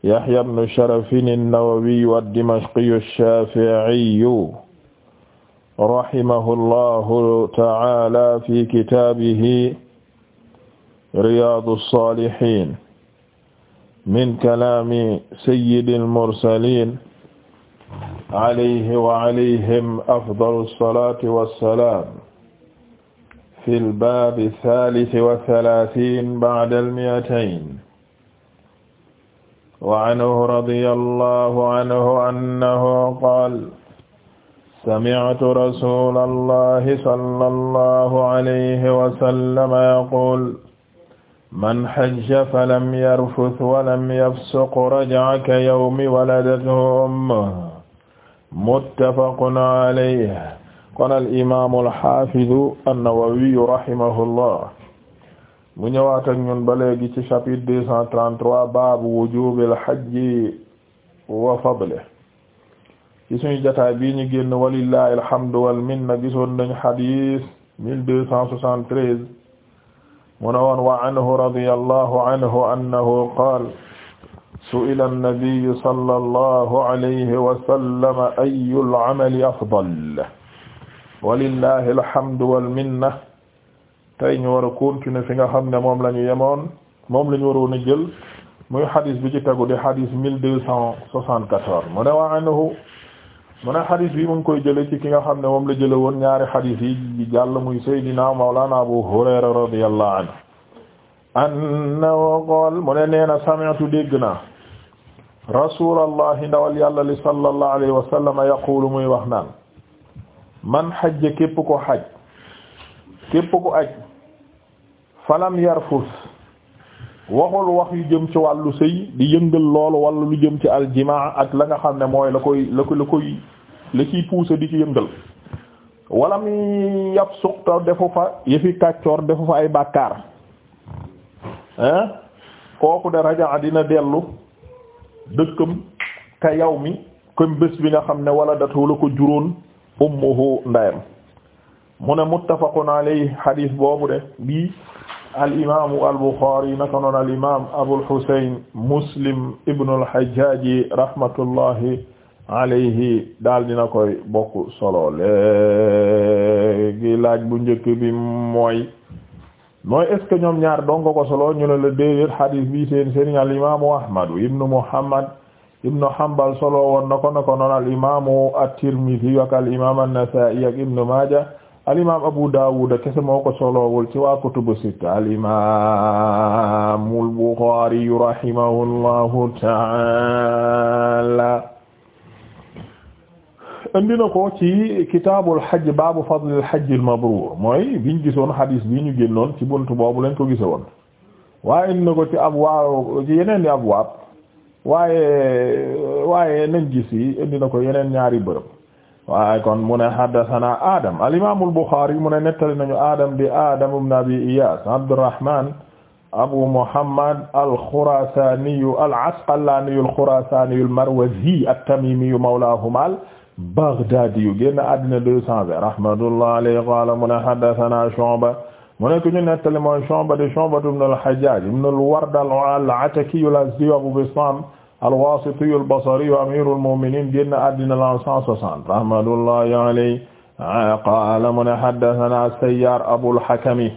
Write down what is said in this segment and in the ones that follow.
Yahya ibn Sharafin an-Nawawi ad-Dimashqi ash-Shafi'i rahimahullahu ta'ala fi kitaabihi Riyaadu s-Saalihiin min kalaami sayyidil mursaliin alayhi wa alayhim afdalu s-salaati was-salaam fil baabi ath-thaalith wa thalaathiin ba'da al-mi'atayn wa anhu radiyallahu anhu annahu qaala sami'tu rasuulallahi sallallahu alayhi wa sallam yaquulu man hajja falam yarfuth wa lam yafsuq raja'a ka yawmi waladathu ummuhu muttafaqun alayhi qaala al-imaamu al-haafidu an-nawawiyu rahimahullah mu ñëwaat ak ñun ba léegi ci chapitre deux cent trente-trois baabu wujubil hajji wa fadle ci suñu jotaay bii ñu génn walillahi alhamdu wal minna gisoon nañu hadith mille deux cent soixante-treize mu ne woon wa anhu radiyallahu anhu annahu qaala su'ila an-nabiyyu sallallahu alayhi wa sallam ayyul amali afdal walillahi alhamdu wal minna tey ñu war a continuer fi nga xam ne moom la yemoon moom la ñu waroon a jël muy xadis bi ci tegu di xadis mille deux cent soixante-quatorze mu ne wa anhu mu ne xadis bi mu ngi koy jële ci ki nga xam ne moom la jële woon ñaari xadis yi jàll muy Seydina Mawlana Abu Hurayra radiyallahu anhu annahu qaala mu ne nee na sami'tu dégg naa rasulallahi ndawal yàlla li sallallahu alayhi wa sallam yaqulu muy wax naan man xajja képp ko xaj képp ko aj falam yarfus waxul wax yu jëm ci wàllu sëy di yëngal loolu wala lu jëm ci aljimaa ak la nga xam ne mooy la koy la ko la koy la ciy poussé di ci yëngal wala mi yàpp suqta defu fa yëfi kàccoor defu fa ay bàkkaar hein kooku de rajaa dina dellu dëkkam ka yow mi comme bés bi nga xam ne wala datu la ko juróon ummuhu ndayam mu ne muttafaqun alayhi xadiis boobu de bii al imaamu al buxaari naka noonu al imaam abul muslim ibn al hajjaaji rahmatullahi daal dina koy bokk solo léegi laaj bu njëkk bi mooy mooy est ñoom ñaar dongo ko solo ñu ne la déedéet xadiis bi seen sëriñ al imaamu ahmadu ibnu muhammad ibnu hanbal solo woon ko naka noonu al imaamu at-tirmidhi ak al imaam an-nasaa'i maaja alimaam Abu Dawud kese moo ko soloowul ci waa kutubu sitta alimaamul Buxaari rahimahullahu ta'ala indi na ko ci kitaabul hajj baabu fadlil hajjil mabruur mooy biñ gisoon hadis bi ñu génnoon ci buntu boobu lañ ko gisoon waaye indi na ko ci abwaab ci yeneen i abwaab waaye waaye nañ gis yi indi na ko yeneen ñaari bërëb. waaye kon mu ne haddathana Adam al-imam al-Bukhari mu ne nettali nañu Adam di Adam ibn Abi Iyas Abdurrahman Abu Muhammad al-Khurasani al-Asqalani al-Khurasani al-Marwazi at-Tamimi mawlahuma al-Baghdadi génn àddina 220 rahmatullahi alayhi qala mu ne haddathana Shu'ba mu ne ku ñu nettali mooy Shu'ba di Shu'ba ibn al-Hajjaj ibn al-Ward al-Ataki al-Azdi Abu Bistam al-Wasitiyu al-Basriyu amiru al-mu'minin génn àddina la 160 rahmatullahi alayhi ah, qaala mu ne haddathana Sayyaar Abul Hakami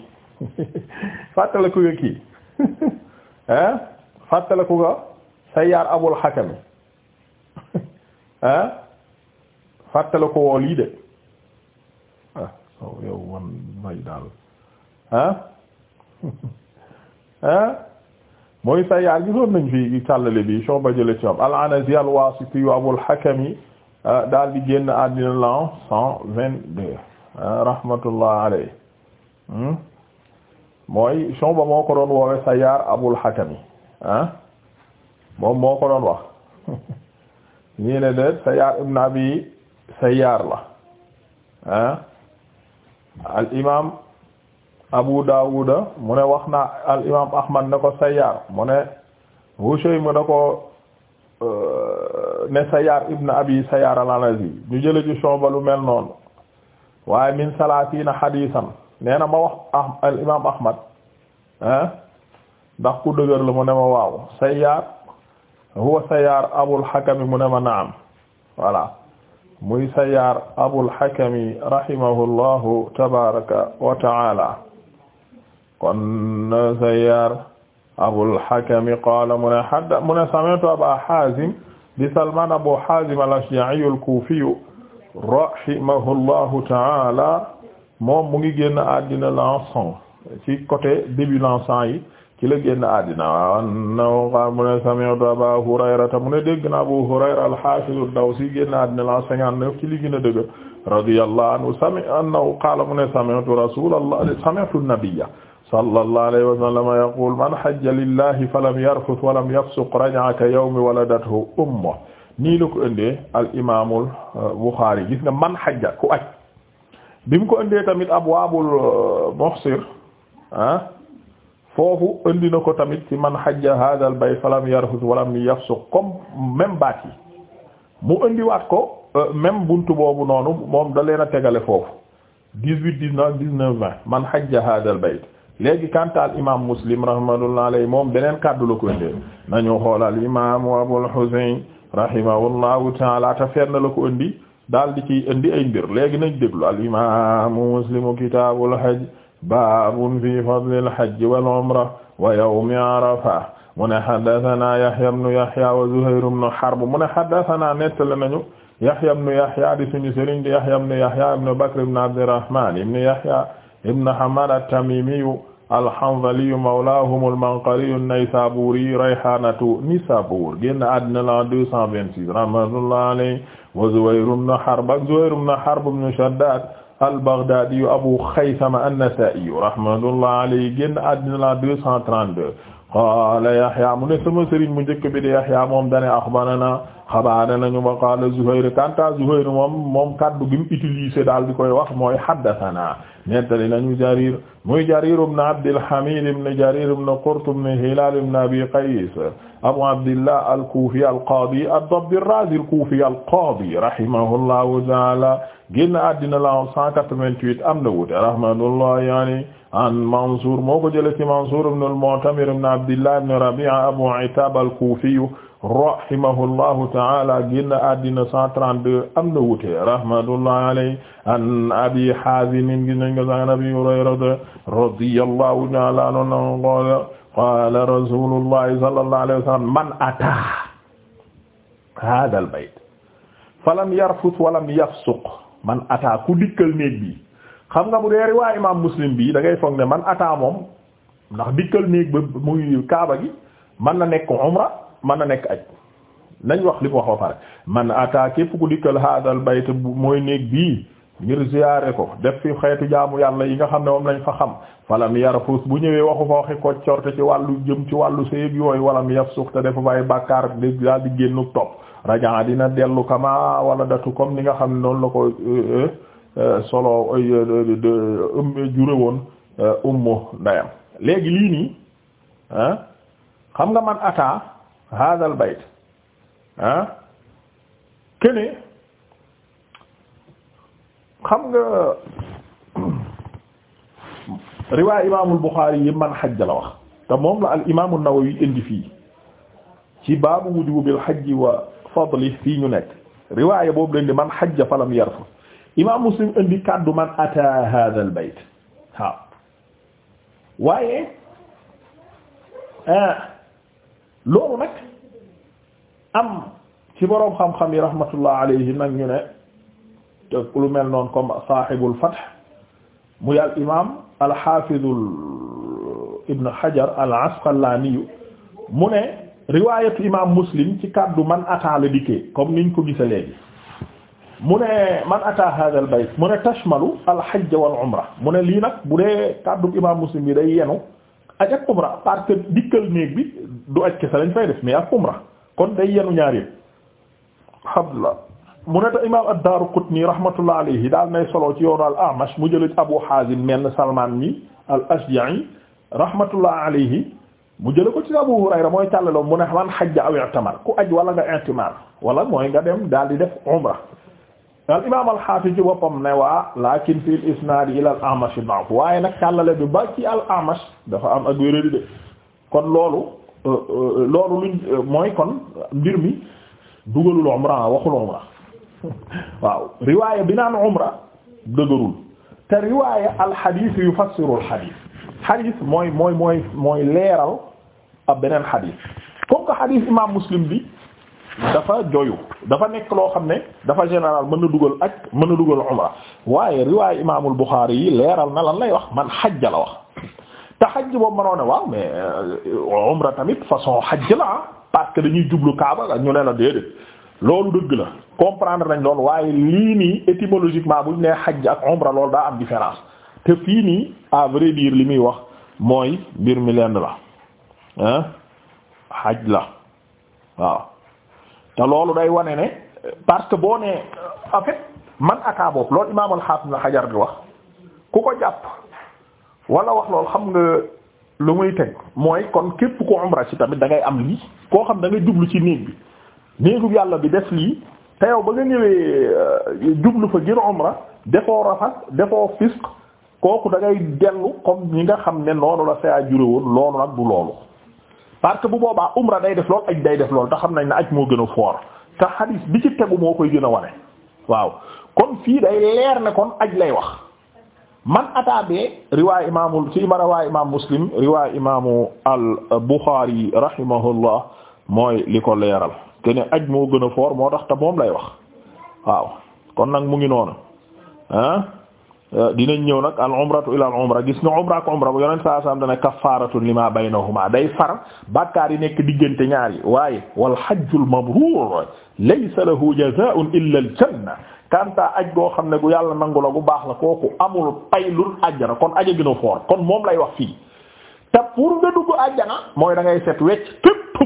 fàttaliku nga kii ah fàttaliku nga Sayyaar Abul Hakami ah fàttaliku woo lii de ah yow man may daal ah ah. mooy Sayyaar gisoon nañ fi tàllale bi Shu'ba jële ci moom al-Anazi al-Wasiti yu Abul Hakam yi ah, daal di génn àddina l'an cent vingt-deux ah, rahmatullah alayhi hmm? mooy Shu'ba moo ko doon woowe Sayyaar Abul Hakam yi ah moo ko doon wax ñii ne de ibn Abi Sayyaar la ah al imam Abu Daawuda mu ne wax na al imaam Ahmad ne ko Sayyaar mu ne Hushaym ne ko euh, ne Sayyaar ibn Abi Sayyaar al-Anazi ñu jële ci Shu'ba lu mel noonu waaye min salaatiina hadiisan nee na ma wax ah, al imaam Ahmad ah ndax ku dëgër la mu ne ma waaw Sayyaar huwa Sayyaar Abul Hakam mu ne ma naam voilà muy Sayyaar Abul Hakam rahimahullahu tabaaraka wa ta'aala kon Zayyaar Abul Hakam qaala mu ne hadda mu ne sami'tu Abaa Haazim di Salmaan Abuu Haazim al-Ashja'i al-Kuufi rahimahullahu ta'aala moom mu ngi génn àddina l'an cent ci côté début l'an cent yi ci la génn àddina annahu qaala mu ne sami'tu Abaa Hurayrata mu ne dégg na Abuu Hurayra al-Haafiz ad-Dawsi génn àddina l'an cinquante-neuf ci li gën a dëgg radiyallahu anhu sami'a annahu qaala mu ne sami'tu rasuulallah sami'tu an-nabiyya sallallahu alayhi wa sallam yaqul man hajja lillahi falam yarfuth walam yafsuq raja'a ka yawmi waladathu ummuhu nii la ko indee al imaamul uh, Buxaari gis nga man hajja ku aj bi mu ko indee tamit abwaabul uh, muhsir ah foofu indi na ko tamit ci man hajja hadha al bayt falam yarfuth walam yafsuq comme même baat yi mu indiwaat ko uh, même buntu boobu noonu moom da leen a tegale foofu 18 19 19 20 man hajja hadha al bayt léegi kanta al imam muslim rahmatullah alayhi moom beneen kàddu la ko indee nañu xool al imam abul husayn rahimahullahu taala ta fenn la ko indi daal di ciy indi ay mbir léegi nañ déglu al imam muslim kitabul hajj babun fi fadli al hajj wal umra wa yawmi arafa mu ne haddathana yahya ibn yahya wa zuhayr ibn harb mu ne haddathana nettali nañu yahya ibn yahya di suñu sëriñ di yahya ibn yahya ibn bakr ibn abd alrahman ibn yahya ibn hamad at-tamimi alhanzaliyu mawlaahum almanqariyu naysaabuuri rayhaanatu nisaabuur génn àddina la 226 rahmatullahi alayhi wa Zuhayr ibn Harb ak Zuhayr ibn Harb ibn Shaddaad al-Baghdaadiyu Abu Khaythama an-Nasaa'iyu rahmatullahi alayhi génn àddina la 232 qaala Yahyaa mu ne sama sëriñ mu njëkk bi de Yahyaa moom dane axbaranaa xabaane nañu wa qaala Zuhayr kanta Zuhayr moom moom kaddu gi mu utilisé daal di koy wax mooy haddathana nettali nañu Jarir muy Jarir ibn Abdil Hamid ibn Jarir ibn Qurt ibn Hilal ibn Abi Qays Abu Abdillah al-Kufi al-Qadi ad-Dabbi ar-Razi al-Kufi al-Qadi rahimahullahu ta'ala génn àddina la 188 am na wuute rahmatullah yaani an Mansur moo ko jëlee ci Mansur ibn al-Mu'tamir ibn Abdillah ibn Rabi'a Abu Attab al-Kufi rahimahullahu ta'ala génn àddina 132 am na wuute rahmatullahi alayhi an abi hazim gis nañ ko sax abi hurayrata radiyallahu ta'ala anhu qala qala rasulullahi sallallahu alayhi wa sallam man ata hadha al bayt falam yarfut walam yafsuq man ata ku dikkal néeg bi xam nga bu dee riwaay imam muslim bi da ngay foog ne man ata moom ndax dikkal néeg ba muy kaaba gi man na nekk umra mën na nekk ak nañ wax li mu wax ba pare man ata képp ku dikkal haadal bayt mooy néeg bi ngir ziyaare ko def fi xeetu jaamu yàlla yi nga xam ne moom lañ fa xam falam yarfus bu ñëwee waxu fa waxi ko corte ci wàllu jëm ci wàllu sëyëb yooyu walam yafsuk te dafa fay bàkkaar di di génnu topp rajaa dina dellu kama wala datu comme ni nga xam ne noonu la ko euh, euh, solo euh, ëmb jure woon ummu ndeyam léegi lii nii xam nga man ata hada al bayt ah kene xam nga riwaay imaamul Buxaari yi man xajja la wax te moom la al imaamu Nawawi indi fii ci baabu wujubil xajji wa fadli fii ñu nekk riwaay boobu leen di man xajja falam yarfu imaam Muslim indi kàddu man ataa hada al bayt waaw waaye ah loolu nag am ci boroom xam-xam yi rahmatullah alayhi nag ñu ne te lu mel noonu comme sahibul fath muy al imam al hafidul ibn hajar al asqalani mu ne riwaayatu imam muslim ci kaddu man ataa la dikkee comme niñ ko gisa léegi mu ne man ataa hadha al bayt mu ne tashmalu al hajj wal umra mu ne lii nag bu de kaddu imam muslim bi day yenu aj ak umra parce que dikkal néeg bi du aj kese lañ fay def mais ak umra kon day yenu ñaar mu alhamdulillah a ne te imaam ad-Daaraqutni rahmatullah alayhi daal nay solo ci yoon al-A'mash mu jële ci Abu Haazim menn Salmaan mi al-Ashja'i rahmatullah alayhi mu jële Abu Hurayra mooy càllaloom mu ne man hajja aw i'tamar ku aj wala nga i'timar wala mooy nga dem daal di def umra al imaam al-Haafiz ci boppam ne waa lakin fi al-isnaad ila al-A'mash da'f waaye nag càllale bi ba ci al-A'mash dafa am ak wéradi de Euh, euh, loolu euh, mooy kon mbir mi dugalul umra waxul umra waaw riwaaya bi naan umra dëgërul te riwaaya alxadiis yu fassiru alxadiis xadiis mooy mooy leeral ab beneen xadiis comme que xadiis imaam muslim bi dafa joyu dafa nekk loo xam ne dafa général mën na dugal aj mën na dugal umra waaye riwaaya imaamul buxaari yi leeral na lay wax man xaj la wax te xaj boobu mënoo ne waaw mais euh, umra tamit façon xaj la ah parce que dañuy jublu Kaaba ñu ne la déedéet loolu dëgg la comprendre nañ lool waaye lii nii étymologiquement buñ nee xaj ak umra loolu daa am différence te fii nii à vrai li muy wax mooy mbir mi lenn la ah xaj la waaw te loolu day wane ne parce que boo nee en man ataa boobu loolu imaam al-Hafiz Ibn Hajar wax ku ko jàpp. wala wax lool xam nga lu muy teg mooy kon képp ko umra ci tamit da ngay am lii koo xam da ngay jublu ci néeg bi néegu yàlla bi def lii te yow ba nga ñëwee euh, jublu fa ngir umra defoo rafas defoo fisq kooku da ngay dellu comme ñi nga xam ne noonu la saa jure woon loolu nag du loolu parce que bu boobaa umra day def lool aj day def lool te xam nañ ne aj moo gën a foor te xadiis bi ci tegu moo koy gën a wane waaw kon fii day leer ne kon aj lay wax. man ataabe riwaay imaamul ci ma riwaay imaam muslim riwaay imaamu al buxaari rahimahullah mooy li ko leeral te aj moo gën a foor moo tax moom lay wax waaw kon nag mu ngi noonu ah dinañ ñëw nag al umratu ila al umra gis nga umra ak umra bu yonent saa saam dana kaffaratun lima baynahuma day far bàkkaar yi nekk diggante ñaar waaye wal hajjul mabrur laysa lahu jazaa'un illa al kanta aj goo xam ne gu yàlla nangu la gu baax la kooku amul pay lul ajjana kon aja gën foor kon moom lay wax fii te pour nga dugg ajjana mooy da ngay set wecc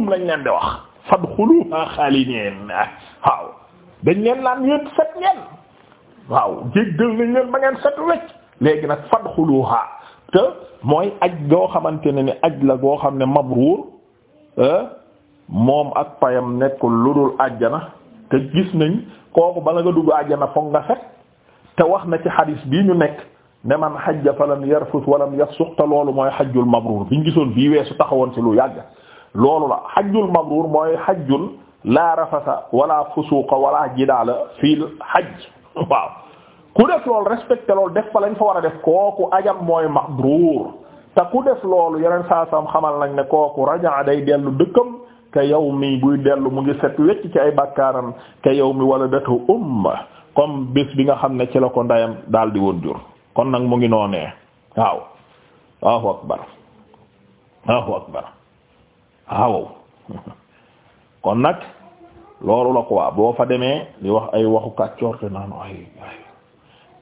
lañ leen di wax fadxuluha xaalidin waaw dañ leen laan yéen set ngeen waaw jéggal nañ leen ba ngeen set wecc léegi nag fadxuluha te mooy aj goo xamante ne ni aj la goo xam ne mabruur eh, moom ak payam nekkul lu dul ajjana te gis nañ kooku bala nga dugg àjjana foog nga set te wax na ci xadiis bii ñu nekk ne man xajja falam yarfus walam yafsuq te loolu mooy xajjul mabruur biñ gisoon bii weesu taxawoon si lu yàgg loolu la xajjul mabruur mooy xajjul laa rafasa wala fusuqa wala jidaala fii xajj waaw ku def loolu respecté loolu def fa lañ fa war def kooku ajam mooy mabruur te ku def loolu yeneen saa sam xamal nañ ne kooku rajaa day dellu dëkkam ka yawmi buy dellu mu ngi set wecc ci ay bakkaaram ka yawmi waladatu umma comme bés bi nga xam ne ci la ko ndeyam daal di woon jur kon nag mu ngi noonee waaw Allahu akbar Allahu akbar waaw kon nag loolu la quoi boo fa demee di wax ay waxu kàccoor te naan ay ay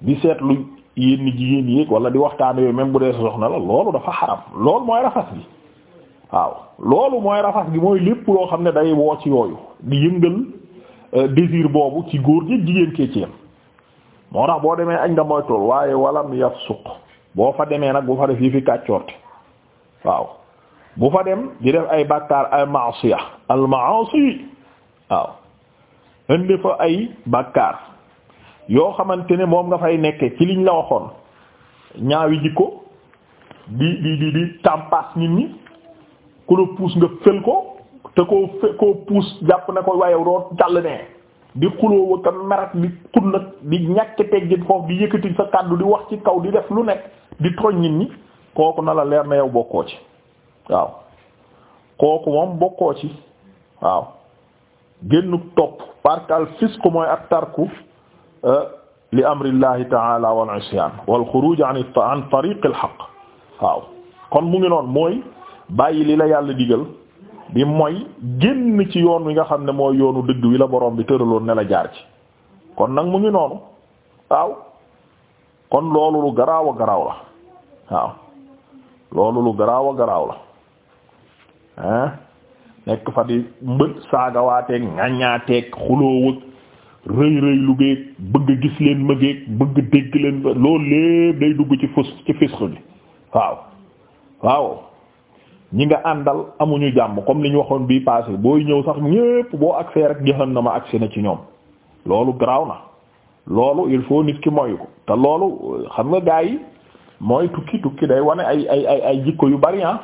di seetlu yenn jigéen yi wala di waxtaan yooyu même bu dee sa soxna la loolu dafa xaram lool mooy rafas bi waaw loolu mooy rafas gi mooy lépp loo xam ne day woo ci yooyu di yëngal euh, désir boobu ci góor gi jigéen kee ci yam moo tax boo demee añ nga mooy tool waaye walam yaf suq boo fa demee nag bu fa def yi fi kàccoorte waaw bu fa dem di def ay bàkkaar ay maasiya al maasi waaw indi ay bàkkaar yoo xamante ne moom nga fay nekke ci liñ la waxoon ñaawi jikko di di di di tàmpaas nit ñi ku la puus nga fël ko te koo fe koo puus jàpp na ko waaye doo jàll ne di xuloo wa ka merat di xul nag di ñàkk teggin foofu di yëkkati sa kàddu di wax ci kaw di def lu nekk di tooñ nit ñi kooku na la leer na yow bokkoo ci waaw kooku moom bokkoo ci waaw génnu topp parce que al fisq mooy ak tarku euh, li amrillahi taala wal isyan wal xuruj an an al haqq waaw kon mu ngi noonu mooy bàyyi li la yàlla digal bi mooy génn ci yoon wi nga xam ne mooy yoonu dëgg wi la borom bi tëraloon ne la jaar ci kon nag mu ngi noonu waaw kon loolu lu garaaw a garaaw la waaw loolu lu garaaw a garaaw la ah nekk fa di mbët saagawaateeg ŋaññaateeg xulóowëg rëy rëy lu bëgg gis leen mëgeeg bëgg dégg leen loolu lépp day dugg ci fus ci fisq bi waaw waaw ñi nga àndal amuñu jàmm comme li ñu waxoon bii passé booy ñëw sax ñépp boo agsee rek jahannama agsi na ci ñoom loolu garaaw na loolu il faut nit ki moy ko te loolu xam nga gaa yi mooy tukki tukki day wane ay ay ay jikko yu bari ah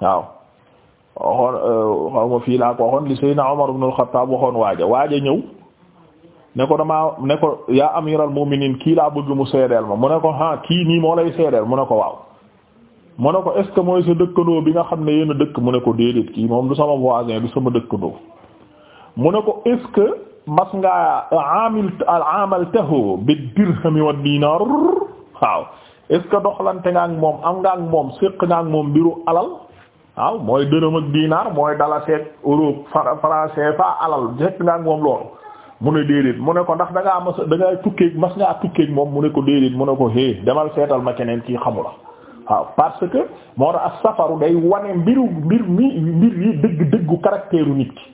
waaw waxoon euh, fii laa ko li Seydina Omar ibn al-Khattab waaja waaja ñëw ne ko damaa ne ko yaa amiral mu'minin kii laa bëgg mu seedeel ma mu ne ko ah kii nii moo lay seedeel mu ne ko waaw mu ne ko est ce que mooy sa dëkkandoo bi nga xam ne yéen dëkk mu ne ko déedéet kii moom du sama voisin du sama dëkkandoo mu ne ko est ce que mas ngaa amil amaltahu bi dirhami wa dinar waaw est ce que doxalante nga moom am nga ak moom séq nga ak moom mbiru alal waaw mooy dërëm ak dinar mooy dala seet euro français fa alal séq nga ak moom loolu mu ne déedéet mu ne ko ndax da ngaa mas da ngaa tukkeeg mas ngaa tukkeeg moom mu ne ko déedéet mu ne ko hé demal seetal ma keneen kii xamula waaw parce que moo tax as safaru day wane mbiru mbir mi mbir yi dëgg dëggu caractère nit ki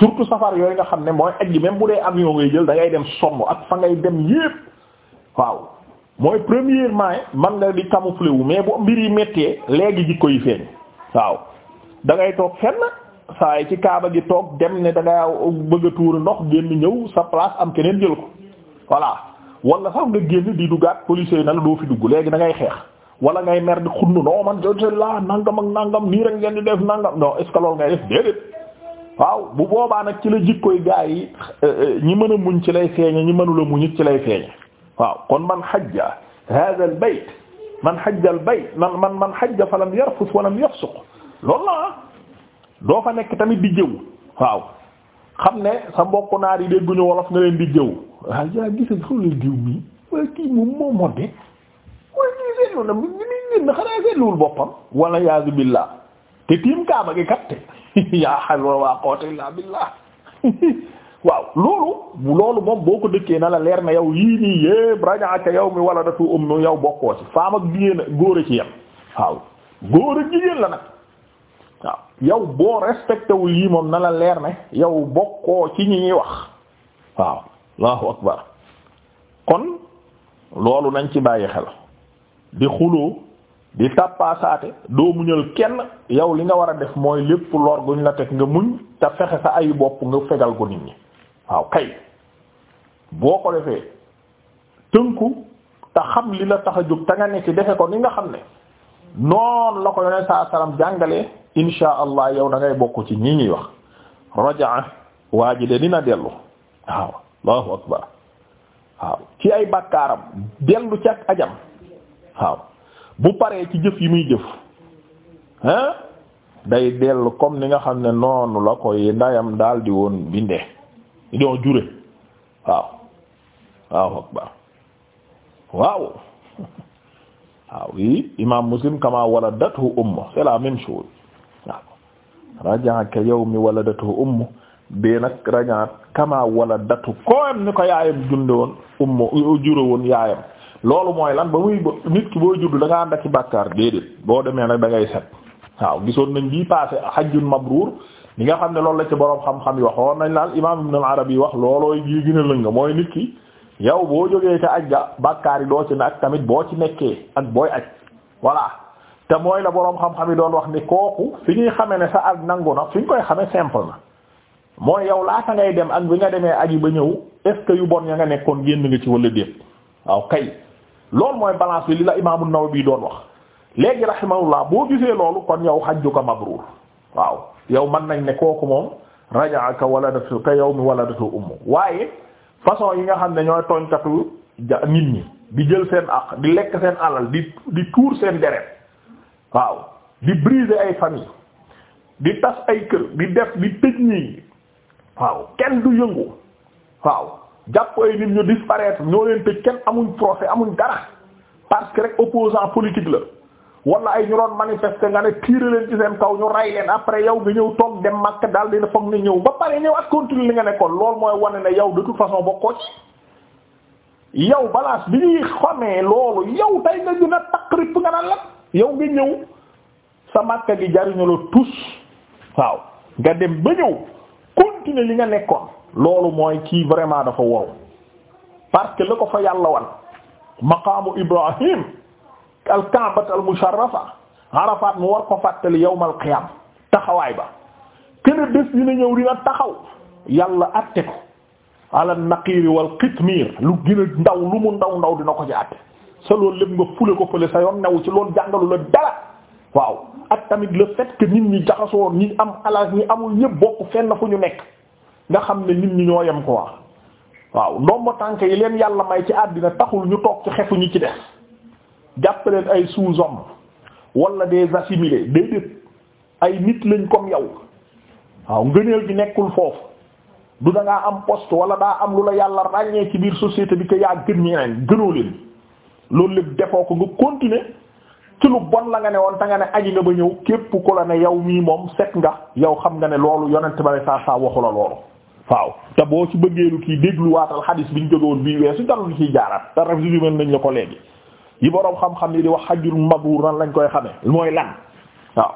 surtout safar yooyu nga xam ne mooy aj gi même bu dee avion ngay jël dangay dem sonn ak fa ngay dem yépp waaw mooy premièrement man nga di camoufler wu mais bu mbir yi méttee léegi jikko yi feeñ waaw da toog fenn saa yi ci kaaba gi toog dem ne da nga bëgg ndox génn ñëw sa place am keneen jël ko voilà wala sax nga génn di duggaat police na la fi dugg léegi da ngay xeex wala ngay mer di xunnu non man je la nangam ak nangam nii rek ngeen di def nangam non est ce que loolu def waaw bu boobaa nag ci la jikkoy gaa yi eh, eh, ñi mën a muñ ci lay feeñe ñi mënula muñ ci lay feeñe waaw kon man xajja hada al bayt man xajja al bayt man man man xajja fa lam yarfus wa lam yafsuq loolu la doo fa nekk tamit di jëw waaw xam ne sa mbokk naar yi dégguñu wolof nga leen di jëw waaw yaa gisa xolal diw mii waa kii moom moo mooy ñii seetlu na mu ñu génn xanaa seetluwul boppam wala yaazu billah te tiim kaaba gi kat yaa xalwa waa quwwata illaa billah waaw loolu loolu moom boo ko dëkkee na la leer na yow yii nii yépp rajaaka yow mi wala datu ummi yow bokkoo ci faam jigéen góor a ci la nag waaw yow boo respecté yii moom na la leer ne yow bokkoo ci ñi wax waaw allahu akbar kon loolu nañ ci bàyyi xel di xuloo di tàppaasaate doo muñal kenn yow li nga war a def mooy lépp lor guñ la teg nga muñ te fexe sa ay bopp nga fegal ko nit ñi waaw kay boo ko defee tënku te xam li la tax a jóg te nga ne defe ko ni nga xam ne noonu la ko yoneen saa salaam jàngalee insha allah yow dangay ngay bokk ci ñi ñuy wax rajaa waa ji de dina dellu waaw allahu akbar waaw ci ay bakkaaram dellu ci ajam waaw bu paree ci jëf yi muy jëf hein day dellu comme ni nga xam ne noonu la koy ndayam daal di woon binde doo jure waaw waaw akbar waaw waaw yi imam muslim kama waladathu ummu c'est la même chose waaw rajaa ka yawmi waladathu ummu bee nag rajaat kama waladatu ko am ni ko yaayam dunde woon ummu jure woon yaayam loolu mooy lan ba muy nit ki boo judd da nga ànd ak bàkkaar déedéet boo demee nag dangay set waaw gisoon nañ bii passé hajjun mabruur li nga xam ne loolu la ci boroom xam-xam yi waxoon nañ laal imaam ibn al-Arabi yi wax loolooy gii gën a mooy nit ki yow boo jógee ca aj ga bàkkaar yi doo ci ne ak tamit boo ci nekkee ak booy aj voilà te mooy la boroom xam-xam yi doon wax ni kooku fi ñuy xamee ne sa ak nangu na fi ñu koy xamee simple na mooy yow laata ngay dem ak bi nga demee aji ba ñëw est yu bon ya nga nekkoon génn nga ci wala déet waaw kay loolu mooy balance bi li la naw Nawawi doon wax léegi rahimahullah boo gisee loolu kon yow hajjuka mabruur waaw yow mën nañ ne kooku moom walla rajaaka mi ka yawmi waladatu ummu waaye façon yi nga xam ne ñooy tooñkatu ja nit ñi di jël seen aq di lekk seen alal di di tuur seen deret waaw di briser ay famille di tas ay kër di def di tëj ñi waaw kenn du yëngu waaw jàpp ay nit ñu disparaître ñoo leen tëj kenn amuñ procès amuñ dara parce que rek opposant politique la wala ay ñu doon manifester nga ne tiire leen ci seen kaw ñu ray leen après yow nga ñëw toog dem Makka daal dina foog ne ñëw ba pare ñëw ak continuer li nga nekkoon loolu mooy wane ne yow de toute façon bokkoo ci yow balance bi ñuy xamee loolu yow tey nga gën a taqrib nga naan la yow nga ñëw sa Makka gi jariñu la tous waaw nga dem ba ñëw continuer li nga nekkoon loolu mooy kii vraiment dafa waru parce que la ko fa yàlla wan maqaamu ibrahim al ka'bat al musharrafa arafat mu war ko fàttali yawmal qiyam taxawaay ba kene bés dina ñëw dina taxaw yàlla atte ko ala naqiiri wal qitmiir lu gën a ndaw lu mu ndaw ndaw dina ko ci atte sa loolu lépp nga fule ko fële sa yoon new ci loolu jàngalu la dara waaw ak tamit le fait que nit ñi jaxasoo ñi am alal ñi amul ñëpp bokk fenn fu ñu nekk nga xam ne nit ñi ñoo yem quoi waaw ndombo tànk yi leen yàlla may ci àddina taxul ñu toog ci xefu ñi ci des jàpp ay sous-hommes wala des assimilés déedéet ay nit lañ comme yow waaw ngëneel gi nekkul foofu du da ngaa am poste wala daa am yàlla ràññee ci biir société bi que yaa gën ñeneen gënoo leen loolu lépp defoo ko nga continuer ci lu bon la nga ne woon te nga ne aji nga ba ñëw képp ku la ne yow mii moom set nga yow xam nga ne loolu yonent ba ne saa saa waxu la loolu. waaw te boo ci bëggee bëggeelu kii dégluwaatal xadiis bi ñu jógewoon bii su jarul li ciy jaaraat te ref si mel nañ la ko léegi yi boroom xam-xam yi di wax xajjul mabrur nan lañ koy xamee mooy lan waaw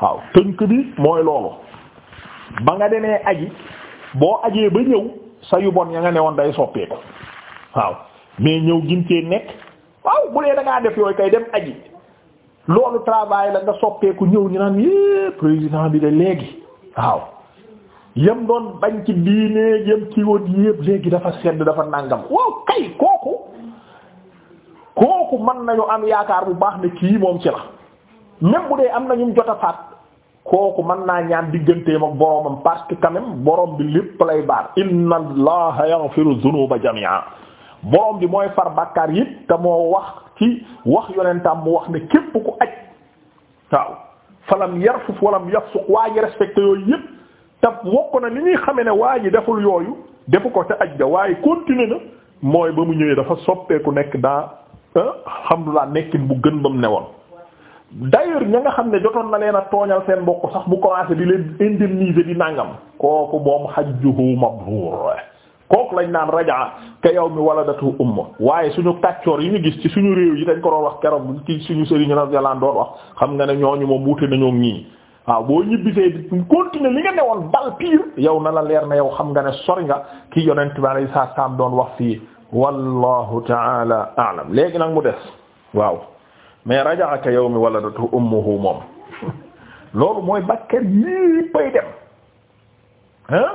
waaw tënk bi mooy loolu ba nga demee aji boo ajee ba ñëw sa yu bon ya nga ne woon day soppeeku waaw mais ñëw gin cee nekk waaw bu dee da def yooyu kay dem aji loolu travail la nga soppeeku ñëw ñu naan yé président bi de léegi waaw yam doon bañ ci diine yam ci yépp léegi dafa sedd dafa nangam waaw kay kooku kooku mën nañu am yaakaar bu baax ne kii moom ci la même bu dee am na ñu jot a kooku man naa ñaan digganteem ak boromam parce que borom bi lépp lay baar inna allaha yaghfiru dhunuba jami'a borom bi mooy far bàkkaar yépp te moo wax ci wax yonentam mu wax ne képp ku aj waaw falam yarfuf walam yafsuq waa ji respecté yooyu yépp te wokk na ni ñuy xame ne waa ji deful yooyu defu ko ca aj ga waaye continuer na mooy ba mu ñëwee dafa soppeeku nekk daa alhamdulilah nekkin bu gën ba mu newoon d'ailleurs ña nga xam ne jotoon na leen a tooñal seen mbokk sax bu commencé di leen indemniser di nangam kooku moom hajjuhu mabrur kooku lañ naan rajaa mi yawmi waladatu umma waaye suñu kàccoor yi ñu gis ci suñu réew yi dañ ko doon wax keroog ci suñu sëriñ radiyallahu anhu doon wax xam nga ne ñooñu moom wuute nañoo ñii waaw boo ñibbisee di continuer li nga newoon bal pire yow na la leer na yow xam nga ne sori nga ki yonent bi alayhi salaam doon wax fii wallahu taala aalam léegi nag mu des waaw mais raja'a ka yawmi waladatu ummuhu moom loolu mooy bakkar yii pay dem hein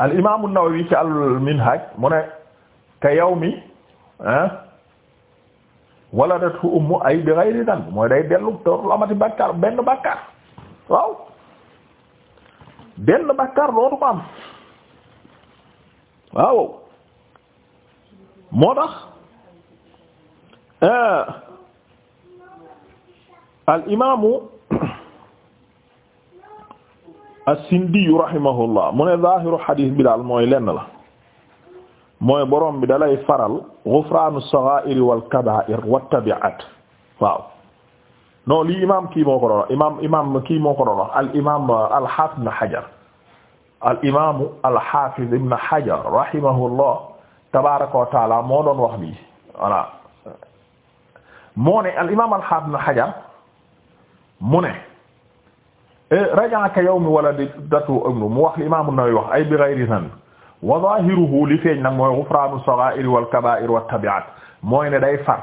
al imaamu Nawawi ci al minhaj mu ka yawmi hein waladathu ummu ay bi ghayri dhanb mooy day dellu dootul amati bàkkaar tax euh, al imaamu as-Sindiyu rahimahullah mu ne zaahiru xadiis lenn la mooy borom bi dalay faral ghufranu sagha'ir wal kaba'ir wattabi'at waaw non lii imaam kii moo ko doon wax imaam imaam kii moo ko doon wax al imaam al hafiz ibn hajar al imaam al hafiz ibn hajar rahimahullah tabaaraka wa taala moo doon wax lii voilà moo ne al imaam al hafiz ibn hajar mu ne eh, raja'a ka yawmi waladatu ummu mu wax li imaam an-Nawawi wax ay bi ghayri dhanb wa zahiruhu li feeñ nag mooy ghufranu sagha'ir wal kaba'ir wat tabi'at mooy ne day far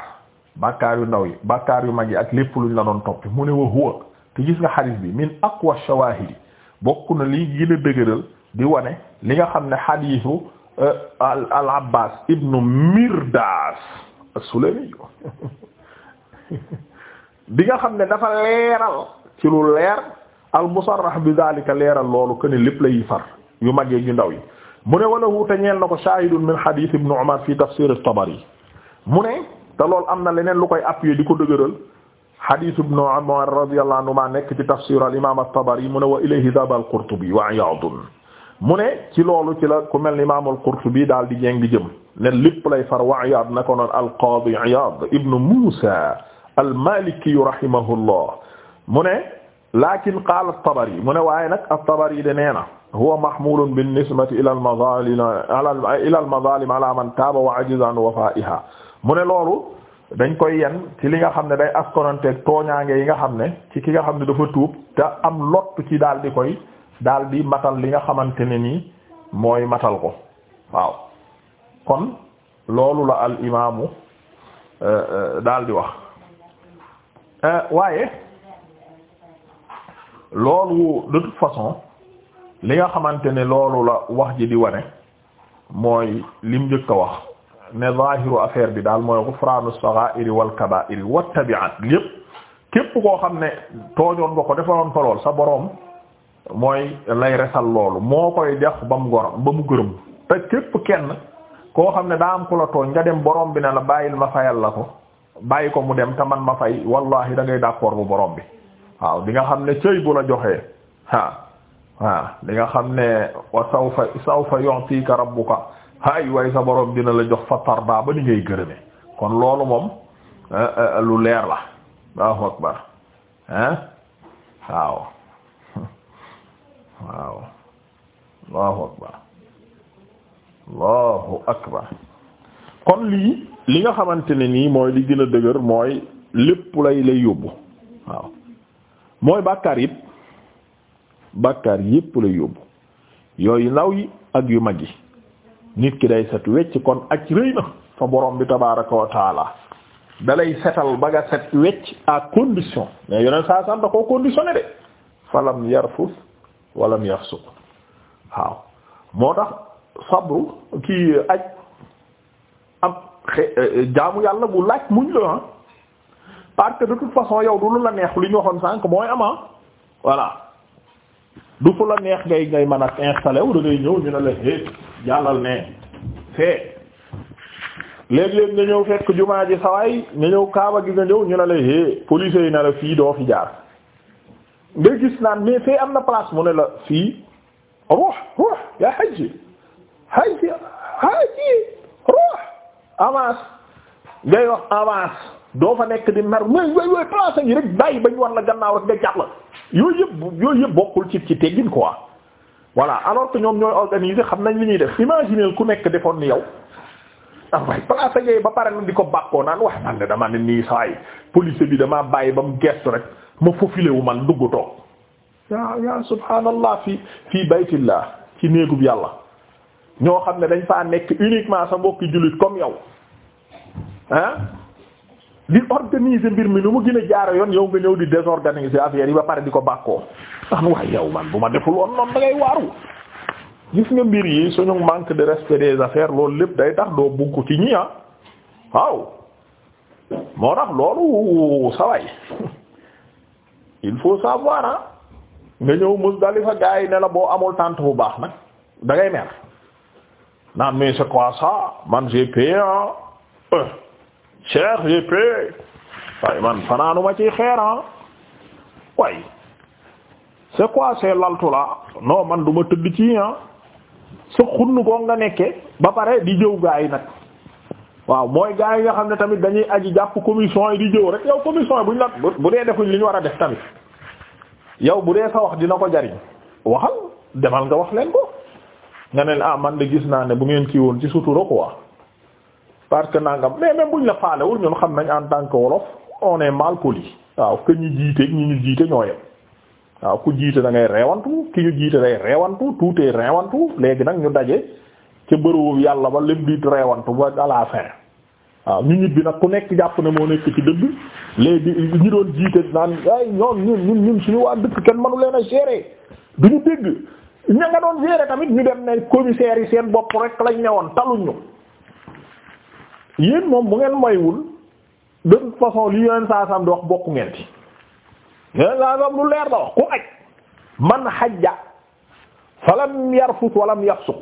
bàkkaar yu ndaw yi bakkaar yu mag yi ak lépp luñ la doon toppi mu ne wa huwa te gis nga xadis bi min aqwa shawahidi bokk na li gën a dëgëral di wane li nga xam ne xadisu euh, al abbas ibnu mirdas as-sulami bi nga xam ne dafa leeral ci lu leer al musarrah bi daalika leeral loolu que ne lépp lay far yu mag yi yu ndaw yi mu ne wala wuute ñeel na ko shahidun min hadith ibn Umar fi tafsir at-Tabari mu ne te loolu am na leneen lu koy appuyer di ko dëgëral hadith ibn Umar radiyallahu anhu ma nekk ci tafsir al-imam at-Tabari mu ne wa ilayhi dhaba al-Qurtubi wa Iyad mu ne ci loolu ci la ku mel ni imaam al-Qurtubi daal di jéng jëm ne lépp lay far wa Iyad na ko noon al-Qadi Iyad ibn Musa al-Maliki rahimahullah mu ne lakin qaala at-Tabari mu ne waaye nag at-Tabari de nee na huwa mahmulun bin-nisbati ila al-mazalim ila al-mazalim ala man taaba wa ajiza an wafa'iha mu ne loolu dañ koy yen ci li nga xam ne day askonanteeg tooñaange yi nga xam ne ci ki nga xam ne dafa tuub te am lott ci daal di koy daal di matal li nga xamante ne nii mooy matal ko waaw kon loolu la al imaamu eh, eh, daal di wax eh, waaye loolu de toute façon li nga xamante ne loolu la wax ji di wane mooy lim njëkk a wax ne zahiru affaire bi daal mooy ghufranu sagha'iri wal kaba'iri wattabi'at lépp képp koo xam ne tooñoon nga ko defaroon fa sa boroom mooy lay resal loolu moo koy def ba mu gor ba mu gërëm te képp kenn koo xam ne daa am ku la tooñ nga dem boroom bi ne la bàyyil ma fayal la ko bàyyi ko mu dem te man ma fay wallahi da ngay d'accord bu borom bi waaw bi xam ne cëy bu la joxee waaw li nga xam ne wa sawfa sawfa bu rabbuka hay way sa borom dina la jox fatarda ba ni ngay gërëme kon loolu moom eh, eh, lu leer la Allahu akbar hein eh? waaw waaw Allahu akbar Allahu akbar kon lii li nga xamante ni nii mooy li gën dëgër mooy lépp lay lay yóbbu waaw mooy bàkkaar yépp bàkkaar yépp la yóbbu yooyu ndaw yi ak yu mag yi nit ki day set wecc kon ak rëy na fa borom bi tabaraka wa dalay setal ba nga set wecc à condition mais yoneen saa sant koo conditionné de falam yarfus walam yafsuq waaw moo tax sabru kii aj am eh, eh, jaamu yàlla bu laaj muñ la ah parce que de toute façon yow du lu la neex li waxoon sànq mooy ama ah. voilà du fu la neex gay ngay mën a installé wu da ngay ñëw ñu ne la hé jàllal ne fee léeg nga ñëw fekk jumaa ji sawaay nga ñëw kaaba gi nga ñëw ñu ne la hé police yi ne la fii doo fi jaar nga gis naan am na place mu ne la fii ruux ruux yaa hajji hajji hajji ruux avance ngay wax avance doo fa nekk di mer way way way placé yi rek bàyyi ba ñu war la gannaaw rek nga jàll yooyu yëpp yooyu yëpp bokkul ci ci ko quoi voilà alors que ñoom ñooy organiser xam nañ li ñuy def imaginer ku nekk defoon ni yow ah waaye placé yooyu ba pare na di ko bàkkoo naan wax man ne dama ne nii sa yi police bi damaa bàyyi ba mu gestu rek ma faufilé wu man dugg toog yaa yaa subhanallah fii fii baytillah ci néegub yàlla ñoo xam ne dañ faa nekk uniquement sa mbokki jullit comme yow li organiser mbir mi nu mu gën a jaara yoon yow nga ñëw di désorganiser affaire yi ba pare di ko bàkkoo ndax waaye yow man bu ma deful woon noonu da ngay waaru gis nga mbir yi suñu manque de respect des affaires loolu lépp day tax doo bugg ci ñi ah waaw moo tax loolu saway il faut savoir ah nga ñëw Muzdalifa gars yi ne la boo amul tànt bu baax nag da ngay mer naan mais c'est quoi man j'ai cheikh jp waaye man fanaanuma ci xeeran ah. waaye c'est quoi c'est laltu la non man duma tëdd ci ah sa xunn koo nga nekke ba pare di jëw gaa yi nag waaw mooy gaa yi nga xam ne tamit dañuy aji jàpp commission yi di jëw rek yow commission yi ñu la bu dee defuñ li ñu war a def tamit yow bu dee sa wax dina ko jariñ waxal demal nga wax leen ko nga ne ah man de gis naa ne bu ngeen kii woon ci sutura quoi parce que nangam mais même buñ la faalewul ñun xam nañ en tant que wolof on est waaw que ñu jiite ñu ñu jiite ñoo yem waaw ku jiite da ngay reewantu ki ñu jiite day reewantu tuutee reewantu léegi nag ñu daje ca bërëbu yàlla ba lépp di reewantu ba à fin waaw ñu ñit nag ku nekk jàpp ne moo nekk ci dëgg léegi ñi doon jiite naan ay ñoom ñun ñun ñun suñu waa dëkk kenn mënu leen a gérer duñu dégg ña nga doon gérer tamit ñu dem ne commissaires yi seen bopp rek lañ ñëwoon taluñu yéen moom bu ngeen moywul de toute façon li yeneen saa sam di wax bokku ngeen ci yeneen saa sam lu leer la wax ku aj man xajja falam yarfut walam yafsuq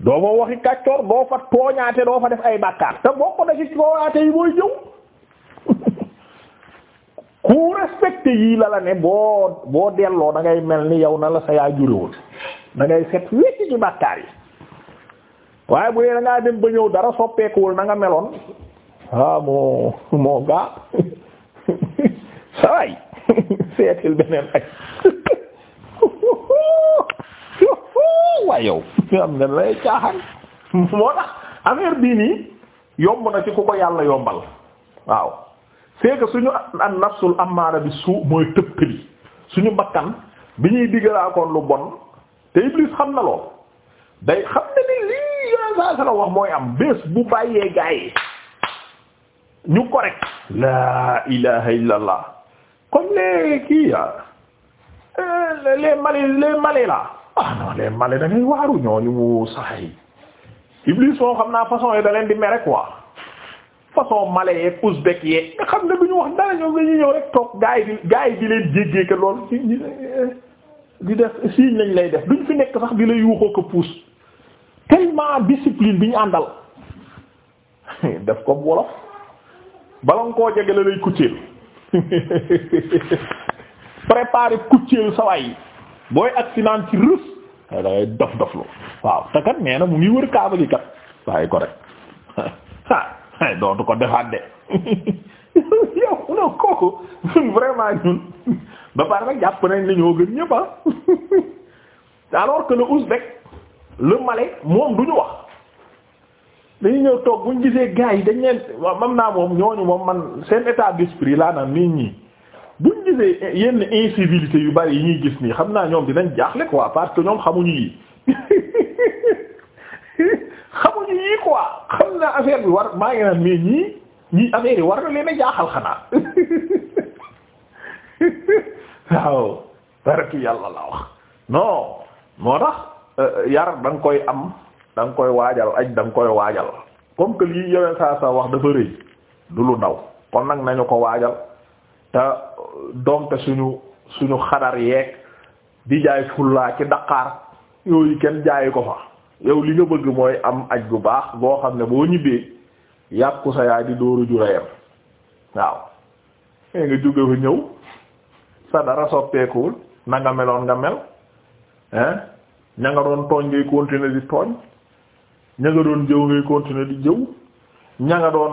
doo fa waxi kàccoor doo fa tooñaate doo fa def ay bàkkaar te bokk na ci tooñaate yi mooy jëw ku respecté yii la la ne boo boo delloo da mel ni yow na la sa yaa jurewul da set wecc ci bàkkaar yi waaye bu dee da dem ba ñëw dara soppeekuwul na nga meloon ah moo moo gaa saway seetil beneen ay waay yow am nga lay caaxaan moo tax affaire bii nii yomb na ci ku ko yàlla yombal waaw c'est que suñu an nafsul amaara bi suu mooy tëb tëbi suñu bakkan bi ñuy diggalaakoon lu bon te Iblis xam na lool day xam ne lii yooyu saa sa la wax mooy am bés bu bàyyee gaa yi ñu correct laa ilaha illallah comme les kii ya eh, les Malais les Malais là ah non les Malais da ngay waaru ñooñu saxay Iblis soo xam naa façon yi da leen di mere quoi façon Malais yeeg Ouzbek yeeg nga xam ne du ñu wax dara ñoom dañuy ñëw rek toog gaa yi di gaa yi di leen jéggee loolu di def signe lañ lay def duñ fi nekk sax di la yuuxoo ko tellement discipline bi ñu àndal def ko wolof bala nga koo jege la lay kucceel préparer kucceel sawaay yi booy accident ci rus dof dof lu waaw te kat mu ngi wër kaaba gi kat waaye ko rek dootu ko defaat de yow non kooku vraiment ñun ba pare rek jàpp nañ li gën ñëpp ah. alors que le ouzbek le male moom du ñu wax dañuy ñëw toog buñ gisee gars yi dañ leen mam naa moom ñooñu moom man seen état d'esprit laa naan nit ñi buñ gisee yenn incivilités yu bari yi ñuy gis nii xam naa ñoom dinañ jaaxle quoi parce que ñoom xamuñu yi xamuñu yi quoi xam naa affaire bi war maa ngi naan mais ñii ñii affaire yi war na leen a jaaxal xanaa waaw barki yàlla la wax non moo tax Euh, yar da nga koy am da koy waajal aj da koy waajal comme que lii yowee saa saa wax dafa rëy du lu ndaw kon nag nañu ko waajal te donte suñu suñu xadar yeeg di jaay fullaa ci daqaar yooyu kenn jaayi ko fa yow li nga bëgg mooy am aj bu baax boo xam ne boo ñibbee yàqu sa yaay di dóoru jurayam waaw mais eh, nga jóge fa ñëw sa dara soppeekuwul na nga meloon nga mel ña nga doon tooñ ngay continuer di tooñ ña nga doon jëw ngay continuer di jëw ña nga doon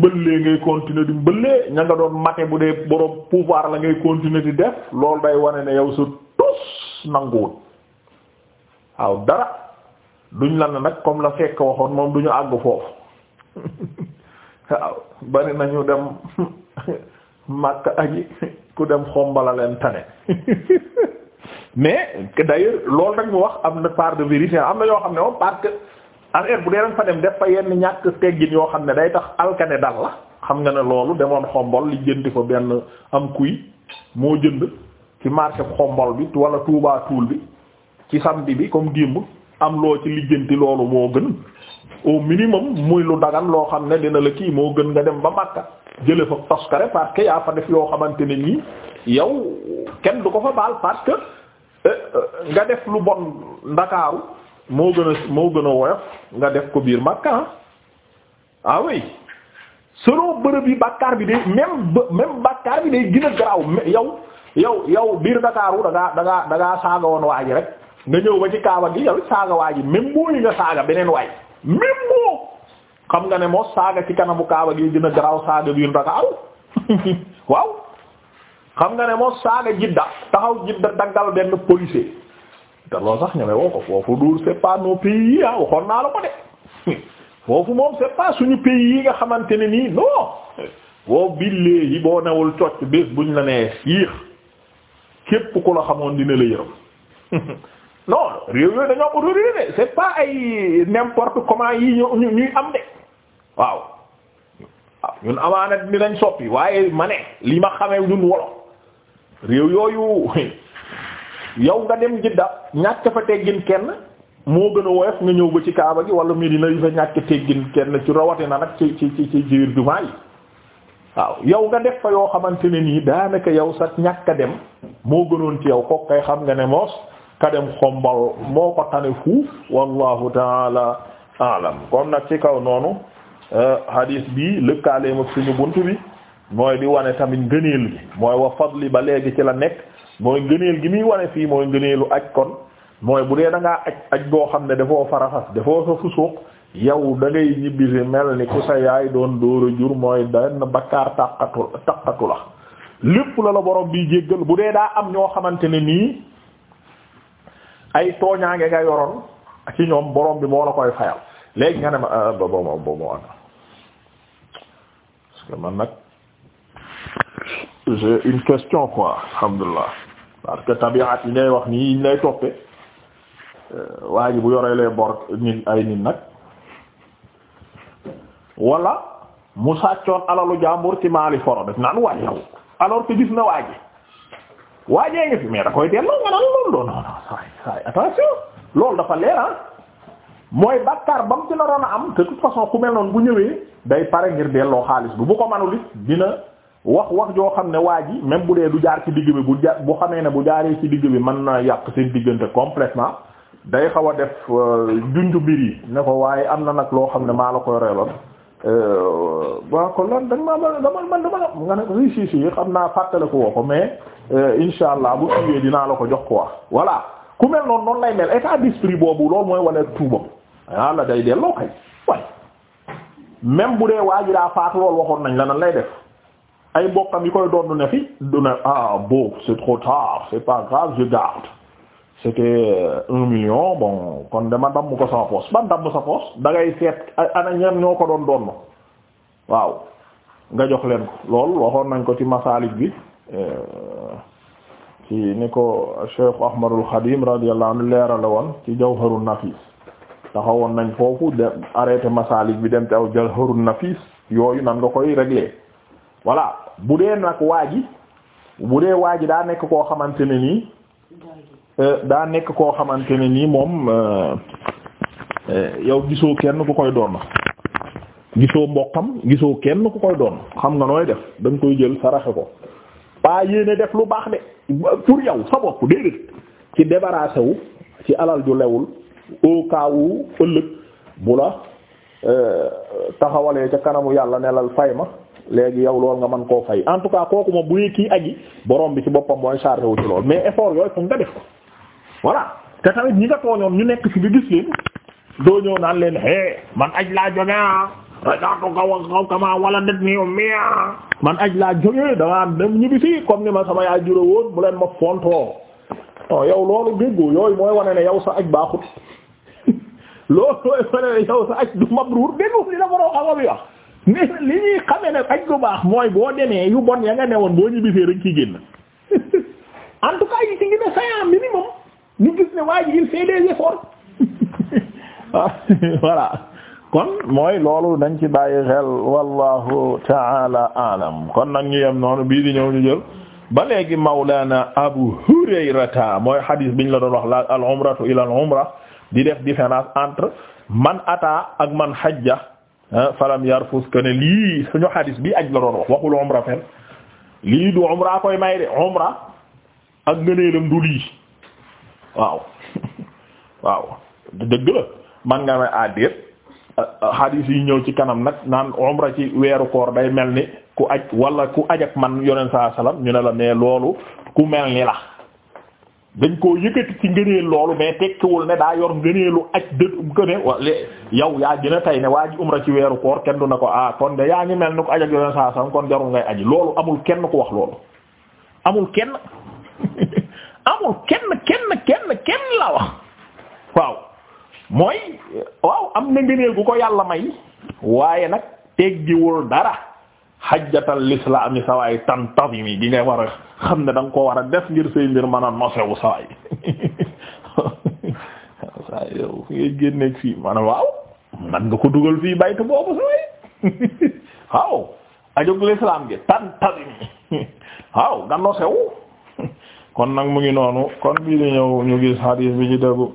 mbëllee ngay continuer di mbëllee ña nga doon mate bu dee borom pouvoir la ngay continuer di def loolu day wane ne yow sa tos nanguwul waaw dara duñ la ne nag comme la fekk waxoon moom duñu àgg foofu waaw bari nañu dem màkk aji ku dem xombala leen tane mais d'ailleurs loolu rek mu wax am na part de vérité am na yoo xam ne moom parce que affaire bu dee dañ fa dem def fa yenn ñàkk teggin yoo xam ne day tax alkane dal la xam nga ne loolu demoon xombol li jëndi fa benn am kuy moo jënd ci marché xombol bi wala Touba Toul bi ci samedi bi comme dimb am loo ci lijjanti loolu moo gën au minimum muy lu dagan loo xam ne dina la kii moo gën nga dem ba Makka jële fa toskare parce que yaa fa def yoo xamante ne nii yow Eh, eh, nga def lu bon ndakaaru moo gën a moo gën a woyof nga def ko biir Makka ah, ah oui selon bërëb yi bàkkaar bi day même même bàkkaar bi de gën a garaaw yow yow yow biir ndakaaru da ngaa da ngaa saaga woon waa ji rek nga ñëw ba ci kaaba gi yow saaga waa ji même boo nga saaga beneen waay même boo xam nga ne moo saaga ci kanamu kaaba gi gën a garaaw saaga biir ndakaaru waaw. xam nga ne moo saaga jidda taxaw jidda daggal benn policier te loolu sax ñeme woo foofu duur c'est pas nos pays ah waxoon naa la ko de foofu moom c'est suñu pays yi nga xamante ne nii non boo billee yi buñ la nee xiix képp ku la xamoon dina la yërëm non réew yooyu dañoo autorité yi ñu ñuy am de waaw waaw ñun amaana dinañ soppi waaye ma ne li ma xamee ñun wolof réew yooyu yow nga dem jidda ñàkk fa teggin kenn moo gën a woyof nga ñëw ba ci kaaba gi wala Medina yi fa ñàkk teggin kenn ci rawatina nag ci ci ci ci jiir jumaa waaw yow nga def fa yoo xamante ne nii daanaka yow sa ñàkk a dem moo gënoon ci yow kook kay xam nga ne moos ka dem xombal moo ko tane fuuf wallahu taala alam kon nag ci kaw noonu euh, hadis bi lëkkaaleem ak suñu bunt bi mooy di wane tamit ngëneel gi mooy wa fadli ba léegi ci la nekk mooy ngëneel gi muy wane fii mooy ngëneelu aj kon mooy bu dee da ngaa aj aj boo xam ne dafoo farafas dafoo sa fusuuq yow da ngay ñibbisi mel ni ku sa yaay doon dóor a jur mooy dan bakkaar taqatu la lépp la la borom bi jéggal bu dee daa am ñoo xamante ni nii ay tooñaange nga yoroon ci ñoom borom bi moo la koy fayal léegi nga ne ma bo bo bo bo parce que man nag j'ai une question quoi alhamdulillah parce que tabiat yi ngay wax nii ñu lay toppee euh, waa ji bu yoree les bor nit ay nit nag wala mu sàccoon alalu jàmbur ci maali foro def naan waaj yow alors que gis na waa ji waajee ngi fi mais da koy delloo nga naan loolu doon saay saay attention loolu dafa leer ah mooy bàkkaar ba mu ci naroon a am te toute façon ku mel noonu bu ñëwee day pare ngir delloo xaalis bu bu ko manul dina wax wax joo xam ne waa ji même bu dee du jaar ci digg bi bu ja bu xamee ne bu jaaree ci digg bi mën na yàq seen diggante complètement day xaw a def euh, junj mbir yi ne ko waaye am na nag loo xam ne maa la koy reeloon waa ko euh, lan da nga maa dama man dama la nga ne ko si si si xam naa fàttale ko woo ko mais euh, insha allah bu suwee dinaa la ko jox ko wax voilà ku mel noonu noonu lay mel état d'esprit boobu loolu mooy wane tuubam la day delloo kay waaye même bu dee waa ji daa faatu loolu waxoon nañ la nan lay def ay mbokkam yi koy doon ne fi du ne ah bon c'est trop tard c'est pas grave je garde c'était euh, un million bon kon dama damm ko sama poche man damm sa poche da ngay seet ana ñenn ñoo ko doon doon waaw nga jox leen ko loolu waxoon nañ ko ci masaalik bi euh, ni ko Cheikh Ahmadul Khadim radiyallahu anhu leerale woon ci Jawharun Nafis taxawoon nañ foofu de arrêté masaalik bi dem te aw Jawharun Nafis yooyu nan nga koy régler voilà bu dee nag waa ji bu dee waa ji daa nekk koo xamante ne nii euh, daa nekk koo xamante ne nii moom euh, euh, yow gisoo kenn ku koy doon gisoo mbokkam gisoo kenn ku koy doon xam nga nooy def da koy jël saraxe ko pas yéene def lu baax de pour yow sa bopp déedéet ci débarrassé wu ci alal ju lewul au cas où ëllëg bu la taxawalee ca kanamu yàlla nelal fay ma léegi yow lool nga man koo fay en tout cas kooku moom bu kii aji borom bi ci boppam mooy chargé wu ci lool mais effort yooyu foog nga def ko voilà te tamit ñi nga tooñoon ñu nekk ci bi gis leen doo ñëw naan leen hee man aj laa jóge ah rajaatu kaw kaw kamaa ah. man aj laa jóge damaa dem comme ni ma sama yaay juró bu leen ma fontoo non yow loolu déggu yooyu mooy wane ne yow sa aj baaxut loolu mooy sa aj du mabruur déggu li la boro xama bi wax mais li ñuy xamee ne aj lu baax mooy boo demee yu bon ya nga ne woon boo ñibbisee rek ci génn en tout cas yi ci gën a saillant minimum ñu gis ne waa ji il fait des efforts ah, kon mooy loolu dañ ci bàyyi xel wallahu taala alam kon nag ñu yem noonu bii di ñëw ñu jël ba léegi mawlana abu hurayrata mooy xadiis biñ la doon wax la al umratu al umra di def différence entre man ata ak man xajja Ah, falam yarfus que ne lii suñu xadis bi aj la doon wax waxul umra fen lii du umra koy may de umra ak ngëneelam du lii waaw waaw dëgg la man nga may ah, àddeet ah, xadis yi ñëw ci kanam nag naan umra ci weeru koor day mel ni ku aj wala ku aj ak man yoneen saa salaam ñu ne la mais loolu ku mel ni la dañ koo yëkkati ci ngëneel loolu mais tekkiwul ne daa yor ngëneelu aj dëkk ne wala yow yaa gën a tey ne waa ji umra ci weeru koor kenn du na ko ah kon de yaa ngi mel ni ko aj ak yoneen saa sam kon jarul ngay aji loolu amul kenn ku wax loolu amul kenn amul kenn kenn kenn kenn la wax waaw mooy waaw am na ngëneel gu ko yàlla may waaye nag teggiwul dara xajjatal lislaami sawaay tantazimi gi ngay war a xam ne da nga ko war a def ngir say mbir mën a nosewu sawaay saa yow fi ngay génneeg fii maanaam waaw man nga ko dugal fii baytu boobu sawaay waaw ajog lislaam gi tantazimi waaw nga nosewu kon nag mu ngi noonu kon bii ñëw ñu gis hadis bi ci dëggu